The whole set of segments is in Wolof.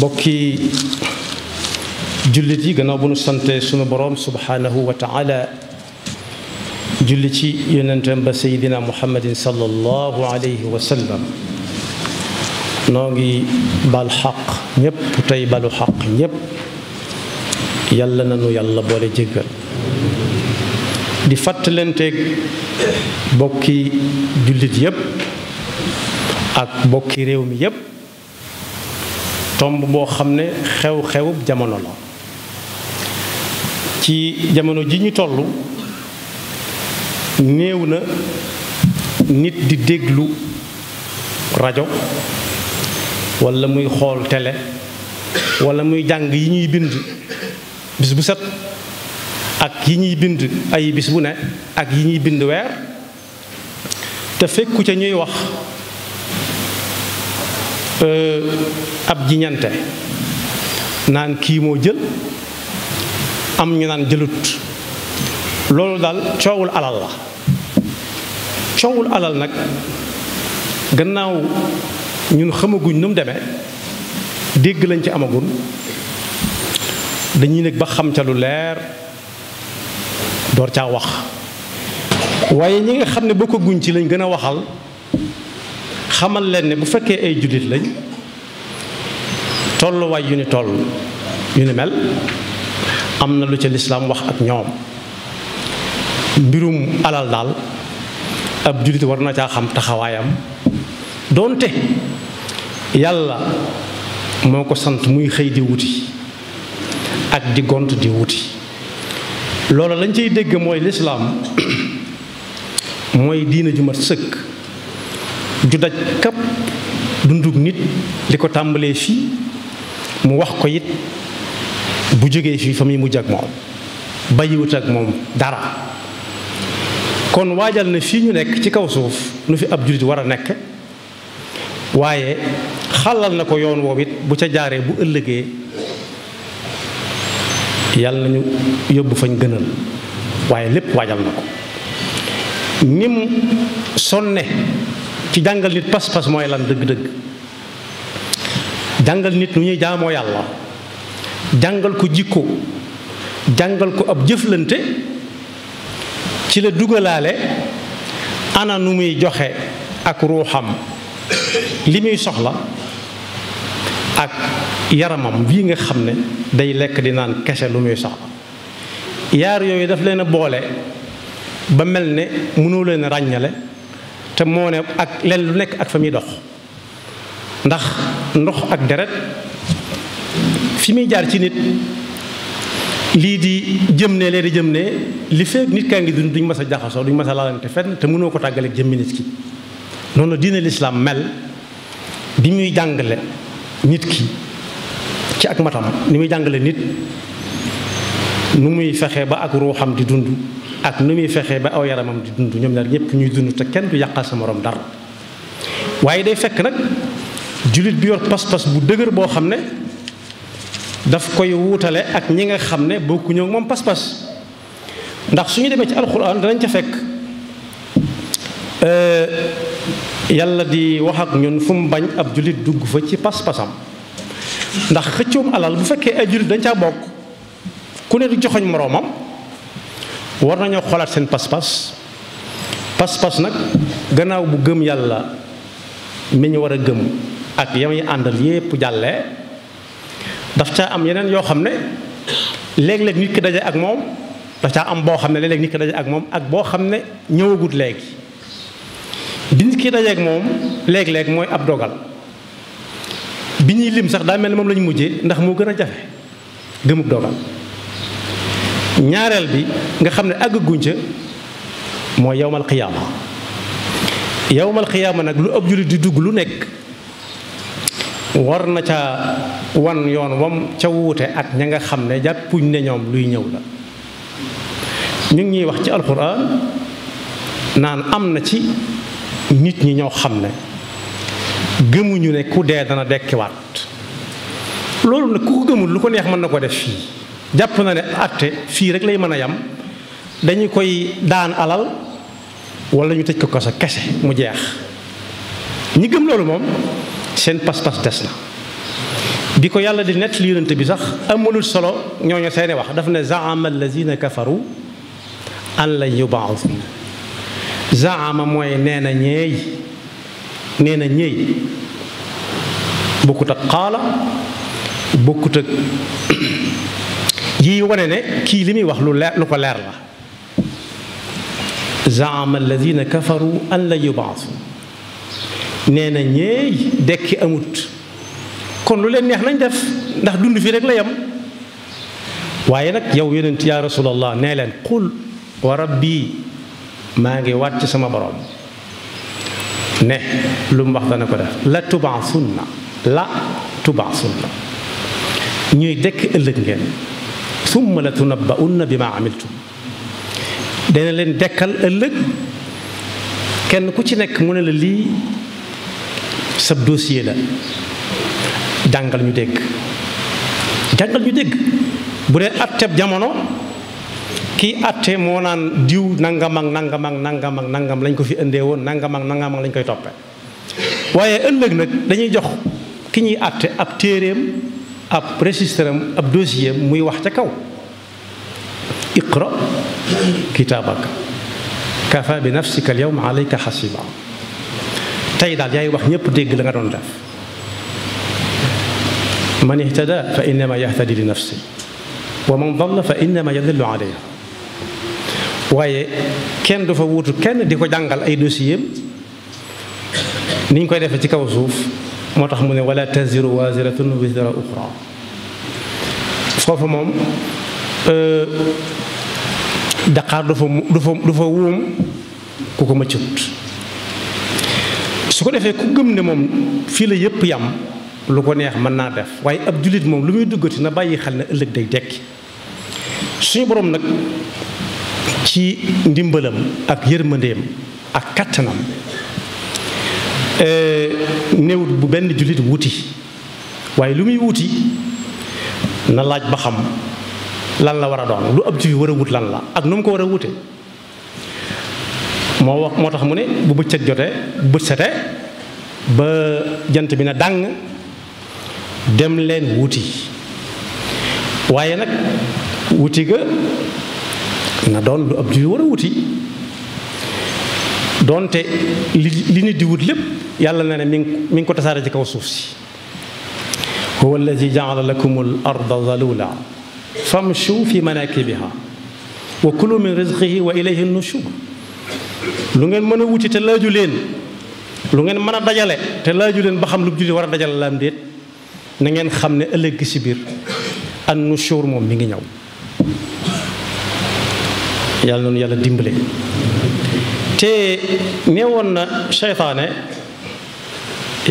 bokki jullit yi gannaaw bu sante sunu borom subhaanahu wa taala julli ci yonentam ba sayidina muhammadin sallallahu alayhi wa sallam noo ngi bal xaq ñépp tey balu xaq ñépp yàlla nanu yàlla boole jéggal di fàttalanteeg bokki jullit yépp ak bokki réew mi yépp tomb boo xam ne xew-xew jamono la ci jamono ji ñu tollu néew na nit di déglu rajo walla muy xool tele walla muy jàng yi ñuy bind bis bu set ak yi ñuy bind ay bis bu ne ak yi ñuy bind weer te fekku ca ñuy wax Euh, ab jiñante naan kii moo jël am ñu naan jëlut loolu daal coowul alal la coowul alal nag gannaaw ñun xamaguñ nu deme dégg lañ ci amagun dañuy nekk ba xam ca lu leer door caa wax waaye ñi nga xam ne bokkaguñ ci lañ gën a waxal xamal leen ne bu fekkee ay jullit lañ tolluwaay yu ni toll yu ni mel am na lu ca lislaam wax ak ñoom mbirum alal daal ab jullit war na caa xam taxawaayam doonte yàlla moo ko sant muy xëy di wuti ak di gont di wuti loola lañ cay dégg mooy lislaam mooy diina ju sëkk ju daj kap nit li ko tàmbalee fii mu wax ko it bu jógee fii fa muy mujj ak moom bàyyiwut ak moom dara kon waajal na fii ñu nekk ci kaw suuf nu fi ab jullit war a nekk waaye xàllal na ko yoon woow it bu ca jaaree bu ëllëgee yàlla nañu yóbbu fañ gënal waaye lépp waajal na ko nim sonne ci jàngal nit pas-pas mooy lan dëgg-dëgg jàngal nit nu ñuy jaamoo yàlla jàngal ko jikko jàngal ko ab jëflante ci la dugalaale ana nu muy joxe ak ruuxam li muy soxla ak yaramam bii nga xam ne day lekk di naan kese lu muy soxla yaar yooyu daf leen a boole ba mel ne mënoo leen ràññale te moo ne ak len lu nekk ak fa muy dox ndax ndox ak deret fi muy jaar ci nit lii di jëm ne lee di jëm ne li feeg nit kaa ngi dund duñ mas a jaxasoo duñ mas a laalante fenn te mënoo ko tàggaleeg jëmmi nit ki noonu la lislaam mel bi muy jàngale nit ki ci ak matam ni muy jàngale nit nu muy fexe ba ak ruuxam di dund ak ni muy fexee ba aw yaramam di dund ñoom ñaar ñëpp ñuy dund te kenn du yàqal sa morom dara waaye day fekk nag jullit bi yor pas-pas bu dëgër boo xam ne daf koy wuutale ak ñi nga xam ne bokkuñu ak moom pas-pas ndax su ñu demee ci alxuraan danañ ca fekk euh, yàlla di wax ak ñun fu mu bañ ab jullit dugg fa ci pas-pasam ndax xëccoom alal bu fekkee ay jullit dañ caa bokk ku ne du joxoñ moroomam war nañoo xoolaat seen pas-pas pas-pas nag gannaaw bu gëm yàlla mi ñu war a gëm ak yam yi àndal yépp jàlle daf caa am yeneen yoo xam ne léeg-léeg nit ki daje ak moom daf caa am boo xam ne léeg-léeg nit ki daje ak moom ak boo xam ne ñëwagut léegi bi nit moom léeg-léeg mooy ab dogal bi ñuy lim sax daa mel ni moom lañu mujje ndax moo gën a jafe gëmub dogal ñaareel bi nga xam ne àggaguñ ca mooy yowmal xiyaama yowmal xiyaama nag lu ëpp jullit di dugg lu nekk war na ca wan yoon wam ca wuute ak ña nga xam ne jàppuñ ne ñoom luy ñëw la ñu ngi ñuy wax ci alxuraan naan am na ci nit ñi ñoo xam ne gëmuñu ne ku dee dana dekkiwaat loolu nag ku ko gëmul lu ko neex mën na ko def fii jàpp na ne àtte fii rek lay mën a yam dañu koy daan alal walla ñu tëj ko kaso kese mu jeex ñi gëm loolu moom seen pas-pas des na bi ko yàlla di nett li yonent bi sax amulul solo ñoo ñooñu seeni wax daf ne zaama allazina kafaru an lan yubaasu zaama mooy nee na ñeey nee na ñeey bokkut ak xaala bokkut ak ji wane ne kii li muy wax lu leer lu ko leer la zaama alladina kafaru an la nee na ñeey dekki amut kon lu leen neex nañ def ndax dund fi rek la yem waaye nag yow yonent yaa rasulallah nee leen qul wa rabbi maa ngi waat ci sama borom ne lu mu wax dana ko def la tubaasunna la tubaasunna ñuy dekk ëllëg ngeen summa la tunabba'unna bima amiltum dana leen dekkal ëllëg kenn ku ci nekk mu ne la lii sab dossier la jàngal ñu dégg jàngal ñu dégg bu dee atteb jamono kii atte moo naan diw nangam ak nangam ak nangam ak nangam lañ ko fi indee woon nangam ak nangam lañ koy toppe waaye ëllëg nag dañuy jox ki ñuy atte ab téeréem ab registre am ab dossier muy wax ca kaw iqra kitaabaka kafa bi nafsika al yawma alayka xasiba tey daal yaay wax ñëpp dégg la nga doon def man ihtada fa innama yahtadi li nafsi wa man fa innama yadillu waaye kenn du fa kenn di ko jàngal ay dossier niñ koy defee ci kaw suuf moo tax mu ne wala taziru waziratun wizra uxra foofu moom euh, daqaar du fa du fa du fa wuum ku ko mëccut su ko defee ku gëm ne moom fii la yëpp yam lu ko neex mën naa def waaye ab jullit moom lu muy duggati na bàyyi xal na ëllëg day dekki suñu borom nag ci ndimbalam ak yërmandeem ak kattanam Euh, néewut bu benn jullit wuti waaye lu muy wuti na laaj ba xam lan la war a doon lu ab jullit war a wut lan la ak nu mu ko war a wute moo wax moo tax mu ne bu bëccëg jotee bu bët setee ba jant bi na dàng dem leen wuti waaye nag wuti ga na doon lu ab jullit war a wuti donte li li nit di wut lépp yàlla na ne mi mi ngi ko tasaare ci kaw suuf si huwa alladi jaala lakum al arda zalula famshu fi manakibiha wa kulu min rizqihi wa ilayhi nushur lu ngeen mën a wuti te laaju leen lu ngeen mën a dajale te laaju leen ba xam lu julli war a dajale laam déet na ngeen xam ne ëllëg gi si biir an nushur moom mi ngi ñëw yàlla noonu yàlla dimbale te neewoon na seytaane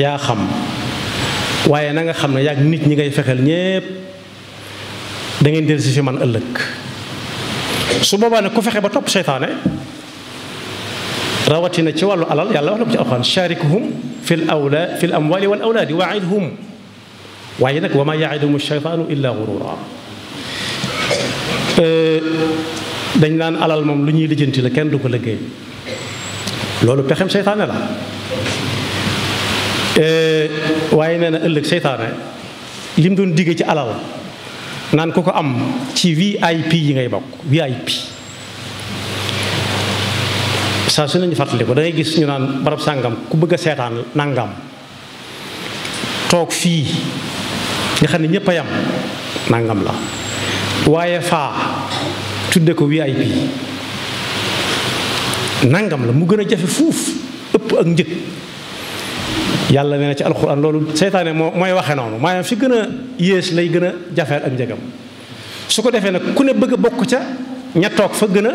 yaa xam waaye nanga nga xam ne yaag nit ñi ngay fexeel ñépp da ngeen fi man ëllëg su boobaa ne ku fexe ba topp seytaane rawatina ci wàllu alal yàlla wax na ko ci alxuraan shaarikuhum fil awla fil amwali wal awlaadi waidhum waaye nag wa ma yaiduhum sheytaanu illa gurura euh, dañ naan alal moom lu ñuy lijjanti la kenn du ko liggéey loolu pexem seytaane la eh, waaye nee na ëllëg seytaane lim doon digge ci alal naan ko ko am ci VIP yi ngay bokk VIP saa su nañu fàttali ko da gis ñu naan barab sàngam ku bëgg seetaan nangam toog fii nga xam ne ñëpp a yam nangam la waaye faa tudde ko VIP nangam la mu gën a jafe fuuf ëpp ak njëg yàlla nee na ci alxuraan loolu seytaane moo mooy waxee noonu maanaam fi gën a yées lay gën a jafeel ak njëgam su ko defee nag ku ne bëgg a bokk ca ña toog fa gën a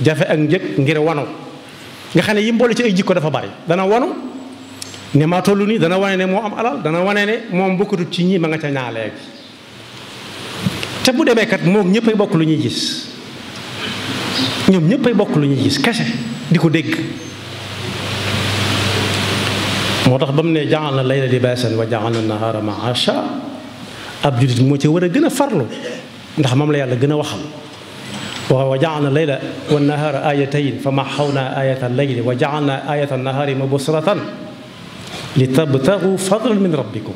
jafe ak njëg ngir wanu nga xam ne yi mboole ci ay jikko dafa bari dana wanu ne maa toll nii dana wane ne moo am alal dana wane ne moom bokkatut ci ñii ma nga ca ñaa te bu demee kat moom ñëppay bokk lu ñuy gis ñoom ñëpp ay bokk lu ñuy gis kese di ko dégg moo tax ba mu ne jaxal na layla libaasan wa jaxal na nahaara maasha ab julit moo ci war a gën a farlu ndax moom la yàlla gën a waxal wa jaxal na layla wa nahaara ayatayn fa maxawnaa ayata layli wa jaxal naa ayata nahaari mubsiratan li tabtagu fadlan min rabbikum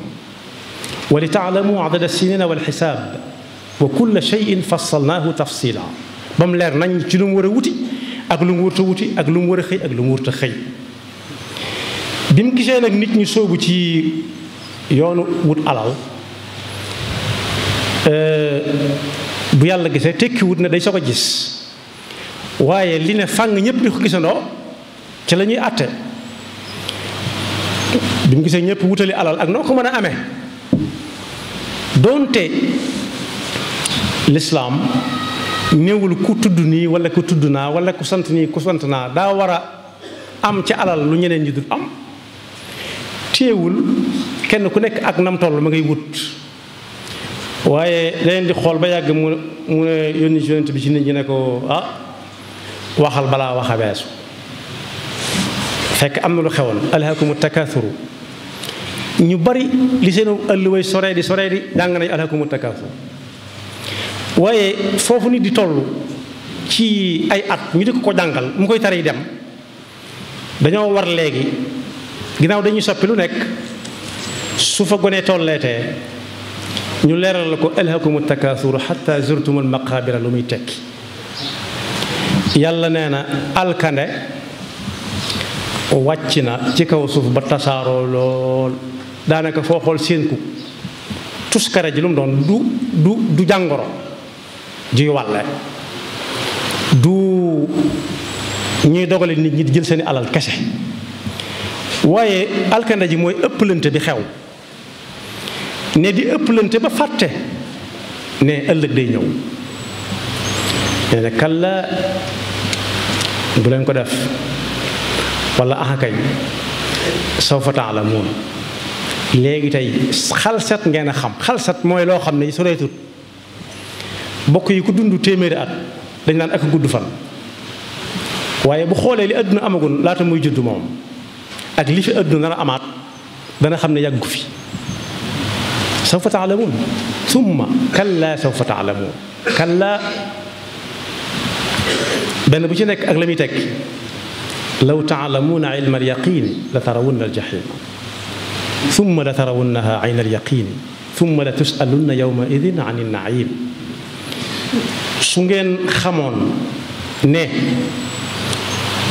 wa li taalamu adada sinina walxisaab wa kulla cheyin fassalnaahu tafsila ba mu leer nañ ci lu mu war a wuti ak lu mu wuti ak lu mu war a xëy ak lu mu warut a xëy bi mu gisee nag nit ñu soogu ci yoonu wut alal euh, bu yàlla gisee tekki wut na day soog a gis waaye li ne fàng ñëpp di ko gisandoo ci la ñuy àtte bi mu gisee ñëpp wutali alal ak noo ko mën a ame doonte lislaam néewul ku tudd nii wala ku tudd naa wala ku sant nii ku sant naa daa war a am ci alal lu ñeneen ñi dul am téewul kenn ku nekk ak nam toll ma ngay wut waaye daleen di xool ba yàgg mu mu yónni ci bi ci nit ñi ne ko ah waxal balaa waxa weesu fekk am na lu xewoon alhaakumu takaasuru ñu bari li seenu ëlluway soree di soree di jàng nañ alhaakumu takaasuru waaye foofu nit di toll ci ay at ñu di ko ko jàngal mu koy yi dem dañoo war léegi ginnaaw dañuy soppi lu nekk su fa gonee tolleetee ñu leeral la ko alhakumu takaasuru xatta zurtumul maqaabira lu muy tekki yàlla nee na alkande wàcc na ci kaw suuf ba tasaaroo lool daanaka foo xool séenku tuskare ji lu mu doon du du jàngoro juy wàlle du ñuy dogale nit ñi di jël seeni alal kese waaye alkande ji mooy ëpplante bi xew ne di ëpplante ba fàtte ne ëllëg day ñëw nee na kalla bu leen ko def wala axakay sawfa taalamuun léegi tey xalset ngeen a xam xalset mooy loo xam ne su reetut bokk yi ku dund téeméeri at dañ naan ak gudd fan waaye bu xoolee li àdduna amagun laata muy judd moom ak li fi àdduna dana amaat dana xam ne yàggu fi sawfa taalamuun summa kallaa sawfa taalamuun kallaa benn bu ci nekk ak la muy tekk law taalamuuna ilma alyaqiin la tarawunna aljaxiima summa la tarawunnaha ayna alyaqiin summa la tusalunna yawma idin an annaim su ngeen xamoon ne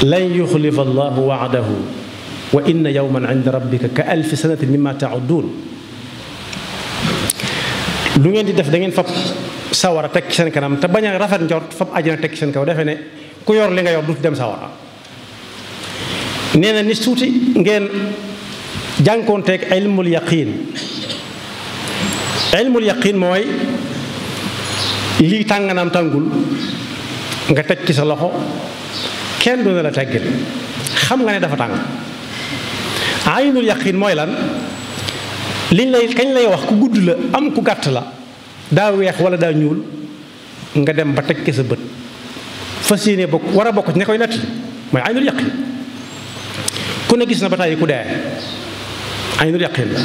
lan yuxlifa allahu waadahu wa inna yowman inda rabbika ka alfi sanatin mimma taudduun du ngeen di def da ngeen fab sawara teg seen kanam te bañ a rafet njort fab àjjana teg seen kaw defe ne ku yor li nga yor du dem sawara nee na ni suuti ngeen jànkoonteeg ilmul yaqin ilmul yaqin mooy lii tànganaam tàngul nga teg ci sa loxo kenn du ne la teggil xam nga ne dafa tàng aynul yaqin mooy lan liñ lay kañ lay wax ku gudd la am ku gàtt la daa weex wala daa ñuul nga dem ba teg ci sa bët fas yéene bokk war a bokk ci ne koy nettali mooy aynul yaqin ku ne gis na ba tàyyi ku dee aynul yaqin la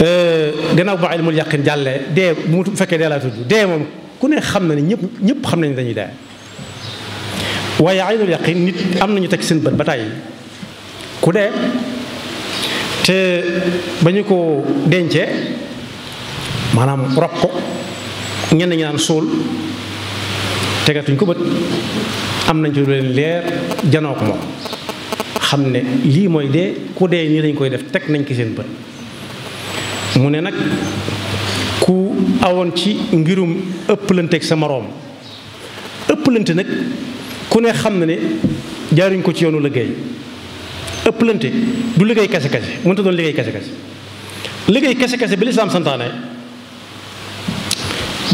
Euh, gannaaw ba ilmul yaqin jàllee dee mu fekkee dee laa tudd dee moom ku ne xam na ne ñëpp ñëpp xam nañ dañuy dee waaye nit am nañu teg seen bët ba tàyyi ku dee ba ñu ko dencee maanaam rob ko ñenn ñi naan tegatuñ ko bët am nañ ci lu leen leer janoo ko moom xam ne lii mooy dee ku dee nii dañ koy def teg nañ ki seen bët mu ne nag ku awoon ci ngirum ëpplanteeg sa moroom ëpplante nag ku ne xam na ne jaariñ ko ci yoonu liggéey ëpplante du liggéey kase kase mënta doon liggéey kase kase liggéey kase kase bi lislaam santaane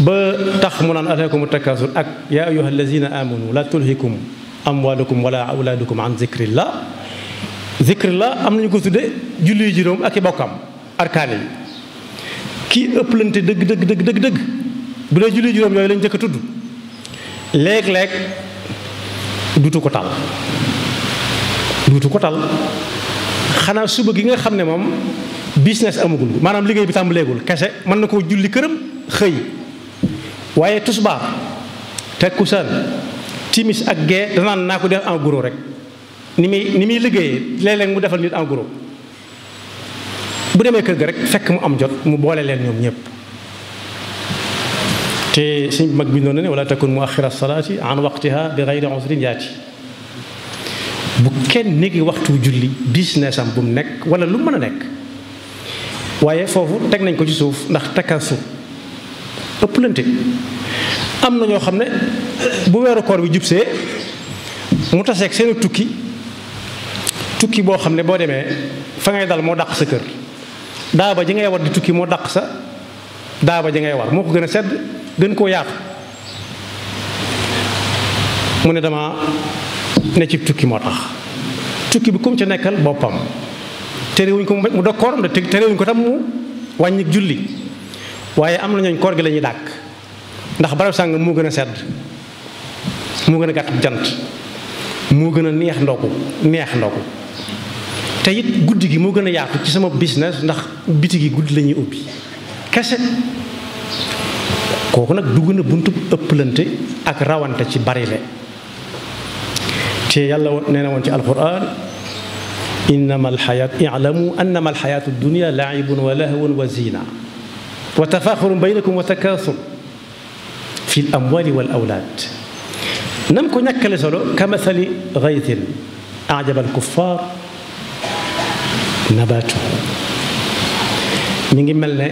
ba tax mu naan ataakumu takaasur ak yaa ayyuha allazina amanu la tulhikum amwalukum wala awlaadukum an zikrillah zikrillah am nañu ko tudde julli juróom ak i bokkam arkaan kii ëpplante dëgg dëgg dëgg dëgg dëgg bu dee julli juróom yooyu lañ njëkk a tudd léeg-léeg duutu ko tal duutu ko tal xanaa suba gi nga xam ne moom business amagul maanaam liggéey bi tàmbaleegul kese mën na koo julli këram xëy waaye tusbaar takkusaan timis ak gee danaan naa ko def en gros rek ni muy ni muy liggéeyee léeg mu defal nit en gros bu demee kër ga rek fekk mu am jot mu boole leen ñoom ñëpp te suñ mag bi noonu ne wala takun mu axira salaati an waqtiha bi gayri usrin yaati bu kenn néegi waxtu julli business am bu mu nekk wala lu mën a nekk waaye foofu teg nañ ko ci suuf ndax takkasu ëpplante am na ñoo xam ne bu weeru koor bi jubsee mu taseeg seen tukki tukki boo xam ne boo demee fa ngay dal moo dàq sa kër daaba ji ngay war di tukki moo daq sa daaba ji ngay war moo ko gën a sedd gën koo yàq mu ne dama ne ci tukki moo tax tukki bi kum ci nekkal boppam terewuñ ko mu dog koor te terewuñ ko tam mu wàññi julli waaye am na ñooñ koor gi la ñuy dàkk ndax barab sàng moo gën a sedd moo gën a gàtt jant moo gën a neex ndoku neex ndoku te it guddi gi moo gën a yaatu ci sama business ndax biti gi guddi la ñuy ubbi kese kooku nag dugg na buntu ëpplante ak rawante ci barile te yàlla nee na woon ci alquran innama alxayaat ilamu annama alxayaatu dunia laibun wa lahwun wa zina wa tafaxurun baynakum wa takaasur fi l amwali wal nam ko ñàkkale solo ka mathali gaytin ajaba alkuffar nabaatu mi ngi mel ne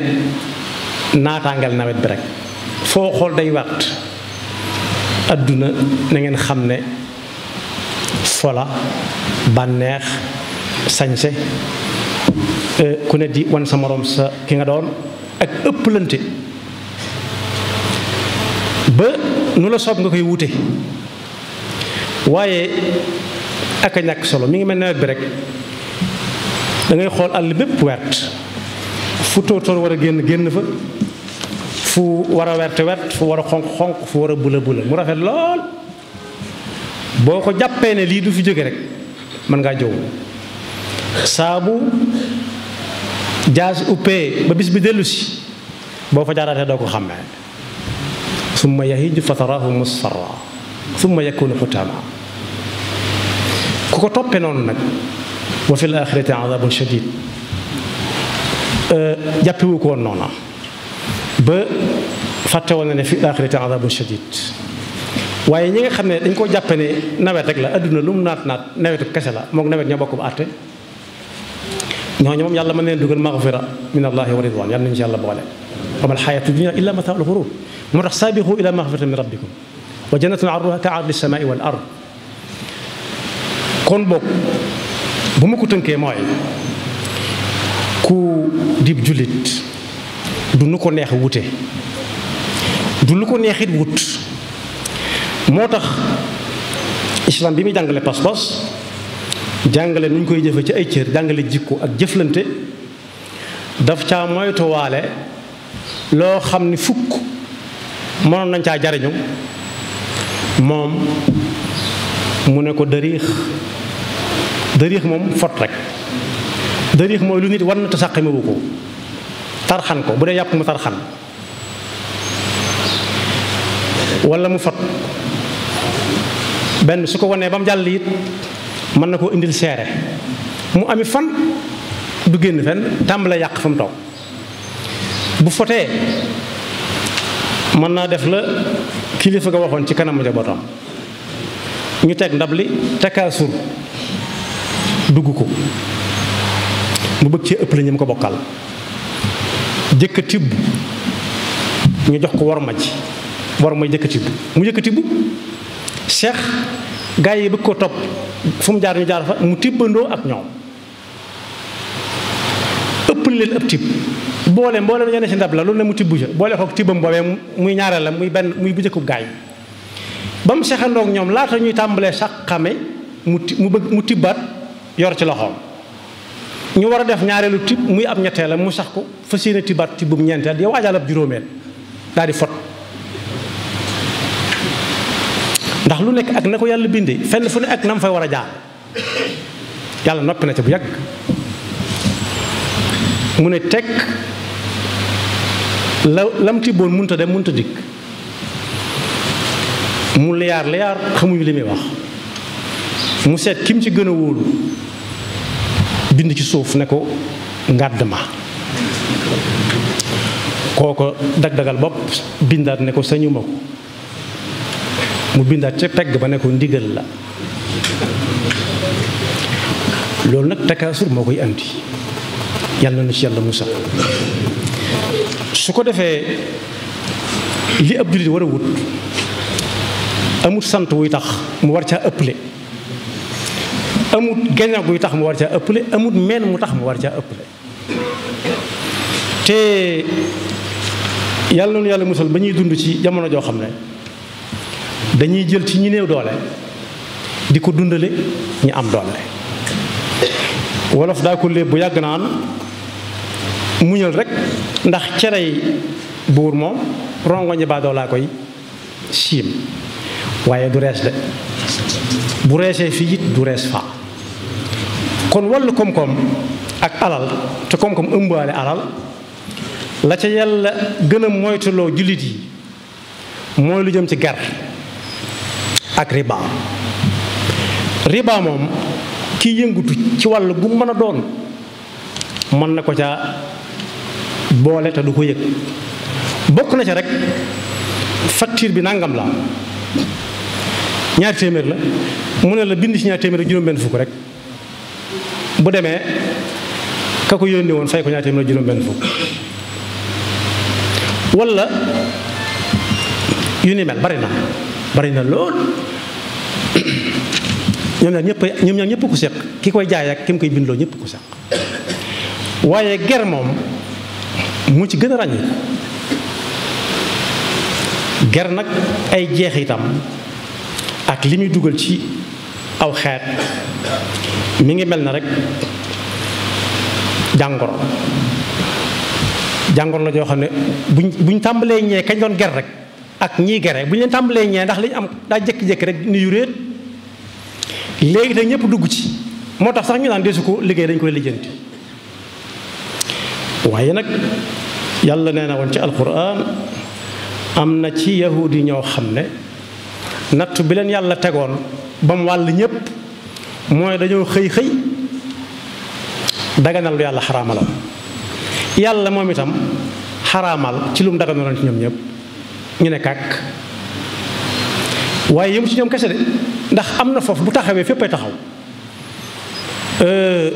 naataangal nawet bi rek foo xool day wàtt àdduna na ngeen xam ne fola bànneex sañse euh, ku ne di wan sa moroom sa ki nga doon ak ëpplante ba nu la soob nga koy wute waaye ak a ñàkk solo mi ngi mel nawet bi rekk dangay ngay xool àll bépp wert fu tóortóor war a génn génn fa fu war a werte wert fu war a xonq xonq fu war a bula bula mu rafet lool boo ko jàppee ne lii du fi jóge rek mën ngaa jow saabu jaas uppee ba bis bi dellusi boo fa jaaraatee doo ko xàmmee summa yahiju fataraahu musfarra summa yakunu ku ko toppee noonu nag wa fil axirati azabun shadid jàppewu ko woon noona ba fàtte woon na ne fil axirati azabun waaye ñi nga xam ne dañ koo jàppe ne nawet rek la adduna lu mu naat naat nawetu kese la moog nawet ñoo bokk ba àtte ñooñu moom mën leen dugal maxfira min allahi wa ridwan yàlla nañu ci yàlla boole wa mal xayaatu dunia illa mataaul xurur moo tax saabixu ila maxfiratin min rabbikum wa jannatun arduha ka ardi samaai wal ard kon bokk bu ma ko tënkee mooy ku dib jullit du nu ko neex wute du lu ko neexit wut moo tax islam bi muy jàngale pas-pas jàngale nu koy jëfe ci ay cër jàngale jikko ak jëflante daf caa moytuwaale loo xam ni fukk mënoon nañ caa jariñu moom mu ne ko dëriix dariix moom fot rek dariix mooy lu nit war na te sàqamewu ko tarxan ko bu dee yàpp mu tarxan wala mu fot benn su ko wanee ba mu jàll it mën na koo indil seere mu ami fan du génn fenn tàmbale yàq fa mu toog bu fotee mën naa def la kilifa ga waxoon ci kanam kanamu njabootam ñu teg ndab li tekaasur dugg ko mu bëgg cee ëppale ñam ko bokkal jëkk tibb ñu jox ko war ma ji war may jëkk tibb mu jëkk tibb seex gaa yi bëgg ko topp fu mu jaar ñu jaar fa mu tibbandoo ak ñoom ëppale leen ab tibb boole mboolem ñenn ci ndab la loolu ne mu tibb ja boole kook tibbam boobee muy ñaareel la muy benn muy bu jëkku gaa yi ba mu seexandoog ñoom laata ñuy tàmbalee sax xame mu mu bëgg mu tibbaat yor ci loxoom ñu war a def ñaareelu tib muy ab ñetteelam mu sax ko fas yéene tibaat tibbum ñeenteel di waajal ab juróomeel daal di fot ndax lu nekk ak na ko yàlla bindee fenn fu ne ak nam fay war a jaar yàlla noppi na ca bu yàgg mu ne teg la lam tibboon mënta dem mënta dikk mu liyaar liyaar xamuñu li wax mu set kim ci gën a wóolu bind ci suuf ne ko ngàdd ma kooko dagdagal bopp bindaat ne ko sañu ma ko mu bindaat ca pegg ba ne ko ndigal la loolu nag takaasur moo koy andi yàlla na ci yàlla musa su ko defee li ab jullit war a wut amul sant wuy tax mu war caa ëpple amut gaña guy tax mu war caa ëpple amut menn mu tax mu war caa ëpple te yàlla noonu yàlla musal ba ñuy dund ci jamono joo xam ne dañuy jël ci ñi néew doole di ko dundale ñu am doole wolof daa ko léeb bu yàgg naan muñal rek ndax cerey buur moom rongoñi baadoo laa koy siim waaye du rees de bu reesee fii it du rees faa kon wàllu koom-koom ak alal te koom-koom ëmbaale alal la ca yàlla gën a moytuloo jullit yi mooy lu jëm ci ger ak riba riba moom ki yëngutu ci wàll gu mën a doon mën na ko ca boole te du ko yëg bokk na ca rek facture bi nangam la ñaari téeméer la mu ne la bind ci ñaari téeméer juróom-benn fukk rek bu demee ka ko yónni woon fay ko ñaar téeméer juróom benn fukk wala yu ni mel bari na bari na lool ñoom ñaar ñëpp ñoom ñaar ñëpp ku seq ki koy jaay ak ki mu koy bindloo ñëpp ku seq waaye ger moom mu ci gën a ràññi ger nag ay jeexitam ak li muy dugal ci aw xeet mu ngi mel na rek jàngoro jàngoro la joo xam ne buñ buñ tàmbalee ñee kañ doon ger rek ak ñii gere buñ leen tàmbalee ñee ndax liñ am daa jékki-jékki rek ni yu réet léegi te ñëpp dugg ci moo tax sax ñu naan desu ko liggéey dañ koy lijjanti waaye nag yàlla nee na woon ci alquran am na ci yahudi ñoo xam ne natt bi leen yàlla tegoon ba mu wàll ñépp mooy dañoo xëy xëy daganal lu yàlla xaraamaloon yàlla moom itam xaraamal ci lu mu daganaloon ci ñoom ñëpp ñu ne kàkk waaye yëmu ci ñoom kese de ndax am na foofu bu taxawee féppay taxaw euh,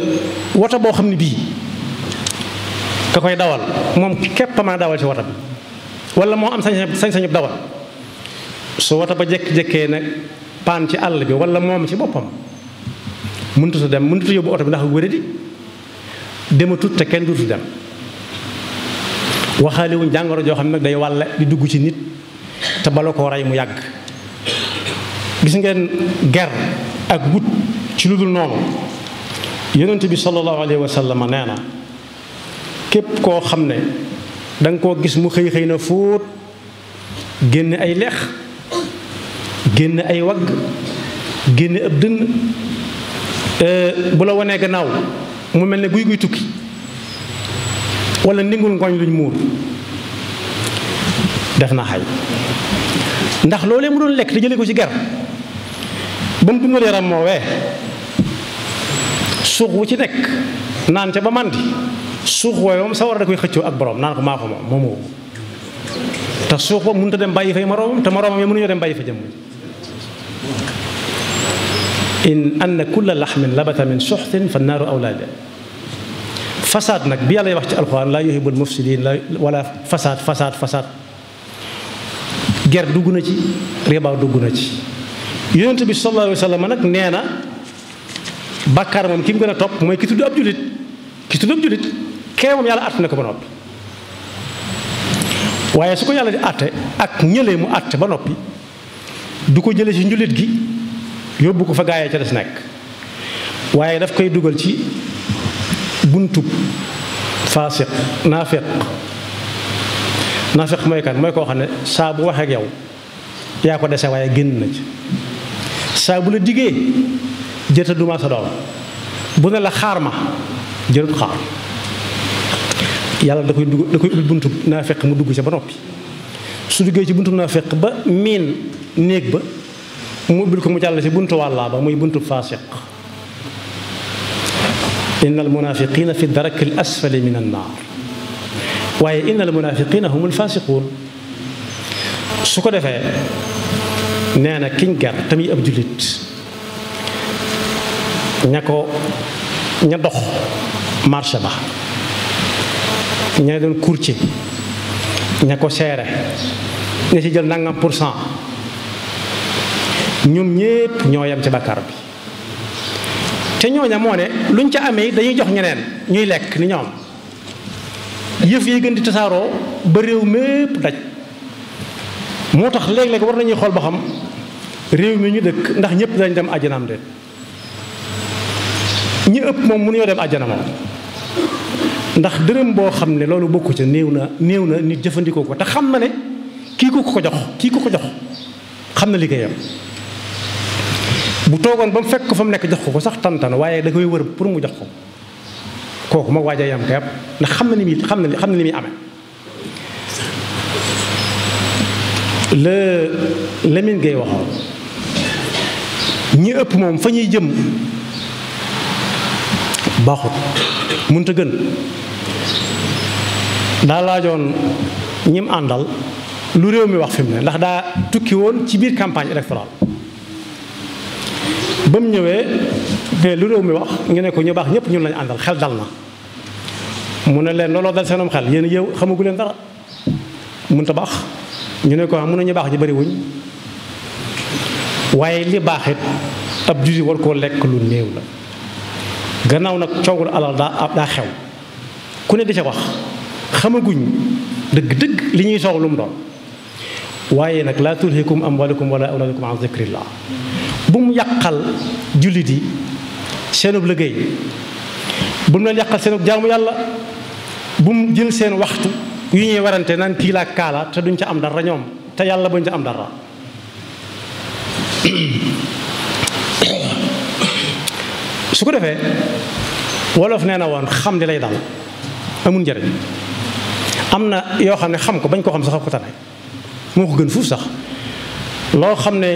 woto boo xam ne bii ka koy dawal moom képp maa dawal ci woto bi wala moo am sañ sañ dawal su woto ba jékki-jékkee nag paan ci àll bi wala moom ci boppam mënut a dem mënut a yóbbu oto bi ndax wéradi dematut te kenn du duutu dem waxaale jàngoro joo xam ne nag day wàll di dugg ci nit te bala koo rey mu yàgg gis ngeen ger ak wut ci lu dul noonu bi sallallahu alayhi wa sallam nee na képp koo xam ne da koo gis mu xëy xëy na fóot génn ay lex génn ay wagg génn ab dënn euh, bu la wanee gannaaw mu mel ni guy guy tukki walla ndingul ngooñ luñ muur def na xay ndax loolee mu doon lekk te jële ko ci ger ba mu dundal yaram moo wee suux wu ci nekk naan ca ba màndi suux wooy moom sawar da koy xëccoo ak borom naan ko maa ko moom moomu te suux ba mënut a dem bàyyi fay moroomam te moroomam yi mënuñoo dem bàyyi fa jëmm in ann kulla laxmin labata min suxtin fa naaru awlaa bi fasaad nag bi yàlla wax ci alxuraan laa yuhibul mufsidin la wala fasaad fasaad dugg na ci dugg na ci yonent bi sallallahu alayhi nee na bàkkaar moom ki mu a topp mooy ki tudd ab julit ki na ko ba noppi waaye su ko yàlla di àtte ak ñëlee mu àtte ba noppi du ko jëlee ci njulit gi yóbbu ko fa gaayee ca des nekk waaye daf koy dugal ci buntub faasiq naafiq naafiq mooy kan mooy koo xam ne saa bu waxee yow yaa ko dese waaye génn na ci saa bu la diggee jëta duma sa doom bu ne la xaar ma jërut xaar yàlla da koy dugg da koy ubbi buntub naafiq mu dugg ca ba noppi su duggee ci buntub naafiq ba miin néeg ba mu ubbil ko mu jàll ci buntu wàllaa ba muy buntu faasiq inna al munafiqina fi daraki al asfali min an naar waaye inna al munafiqina humul su ko defee nee na kiñ gar tamuy ab jullit ña ko ña dox marché ba ña doon courtier ña ko seere ña ci jël nangam pour cent ñun ñépp ñoo yem ci bàkkaar bi te ñooña moo ne luñ ca amee dañuy jox ñeneen ñuy lekk ni ñoom yëf yi gën di tasaaroo ba réew mépp daj moo tax léeg-léeg war nañuy xool ba xam réew mi ñu dëkk ndax ñëpp dañ dem àjjanaam de ñi ëpp moom mënuñoo dem àjjana ndax dërëm boo xam ne loolu bokku ca néew na néew na nit jëfandikoo ko te xam na ne kii ku ko jox kii ku ko jox xam na liggéeyam bu toogoon ba mu fekk ko fa mu nekk jox ko ko sax tantan waaye da koy wër pour mu jox ko kooku moo waaja yam kayam ndax xam na ni muy xam na xam na ni muy amee. la Lamine Gueye waxoon ñi ëpp moom fa ñuy jëm baaxut mënut a gën daa laajoon ñim àndal lu réew mi wax fi mu ne ndax daa tukki woon ci biir campagne électorale. ba mu ñëwee lu réew mi wax ñu ne ko ñu baax ñëpp ñun lañ àndal xel dal na mu ne leen looloo dal seenam xel yéen yow xamagu leen dara mënut a ñu ne ko ah mun nañu baax ji bariwuñ waaye li baaxit ab jusi war koo lekk lu néew la gannaaw nag coowul alal daa xew ku ne di ca wax xamaguñ dëgg-dëgg li ñuy soxlu mu doon waaye nag laa tulhikum amwalukum wala awladukum an zikrillah bu mu yàqal jullit yi seenub liggéey bu mu leen yàqal seenub jaamu yàlla bu mu jël seen waxtu yu ñuy warante naan kii laa kaala te duñ ci am dara ñoom te yàlla buñ ci am dara su ko defee wolof nee na woon xam li lay dal amul njëriñ am na yoo xam ne xam ko bañ koo xam sax a ko tane moo ko gën fuuf sax loo xam ne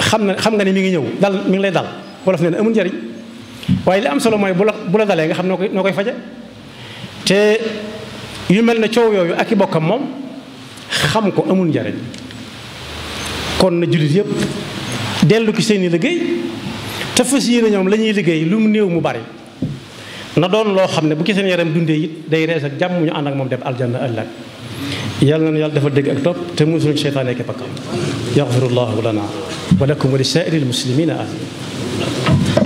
xam na xam nga ne mi ngi ñëw dal mi ngi lay dal wolof nee na amul njariñ waaye li am solo mooy bu la dalee nga xam noo koy noo koy faje te yu mel ne coow yooyu ak i bokkam moom xam ko amul njariñ kon na jullit yëpp dellu ki seeni liggéey te fas yéene ñoom la liggéey lu mu néew mu bari na doon loo xam ne bu ki seen yaram dundee it day rees ak jàmm ñu ànd ak moom def aljanna ëllëg yàlla na yàlla dafa dégg ak topp te musul seytaane ak pakkam yaxfirullahu lana wa lakum wa li saa'iril muslimina amin